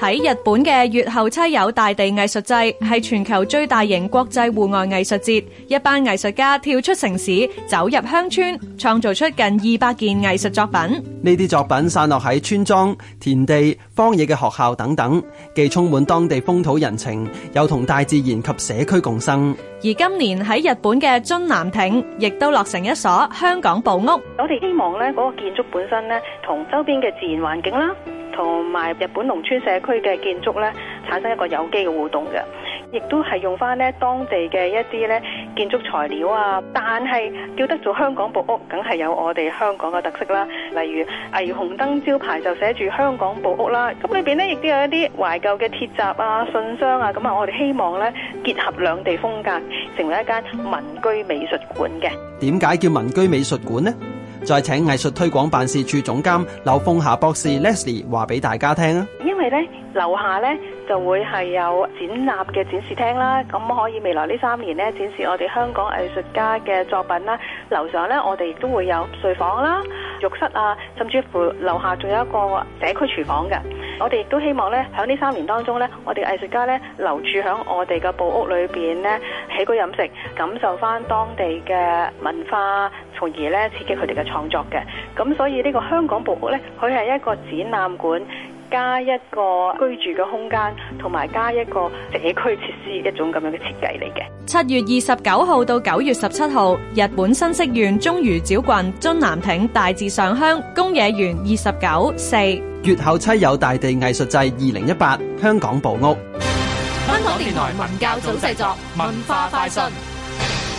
喺日本嘅越後妻有大地藝術祭係全球最大型國際戶外藝術節，一班藝術家跳出城市，走入鄉村，創造出近二百件藝術作品。呢啲作品散落喺村莊、田地、荒野嘅學校等等，既充滿當地風土人情，又同大自然及社區共生。而今年喺日本嘅津南町亦都落成一所香港部屋。我哋希望咧，嗰、那個建築本身咧，同周邊嘅自然環境啦。同埋日本農村社區嘅建築咧，產生一個有機嘅互動嘅，亦都係用翻咧當地嘅一啲咧建築材料啊。但係叫得做香港部屋，梗係有我哋香港嘅特色啦。例如霓虹燈招牌就寫住香港部屋啦。咁裏邊咧亦都有一啲懷舊嘅鐵閘啊、信箱啊。咁啊，我哋希望咧結合兩地風格，成為一間民居美術館嘅。點解叫民居美術館呢？再請藝術推廣辦事處總監劉鳳霞博士 Leslie 話俾大家聽啊！因為咧樓下咧就會係有展覽嘅展示廳啦，咁可以未來呢三年咧展示我哋香港藝術家嘅作品啦。樓上咧我哋亦都會有睡房啦、浴室啊，甚至乎樓下仲有一個社區廚房嘅。我哋亦都希望咧，喺呢三年當中咧，我哋藝術家咧留住喺我哋嘅部屋裏邊咧，起居飲食，感受翻當地嘅文化，從而咧刺激佢哋嘅創作嘅。咁所以呢個香港部屋咧，佢係一個展覽館。加一個居住嘅空間，同埋加一個社區設施，一種咁樣嘅設計嚟嘅。七月二十九號到九月十七號，日本新潟縣中魚沼郡津南町大字上鄉宮野園二十九四越後妻有大地藝術祭二零一八香港部屋。香港電台文教組製作文化快訊。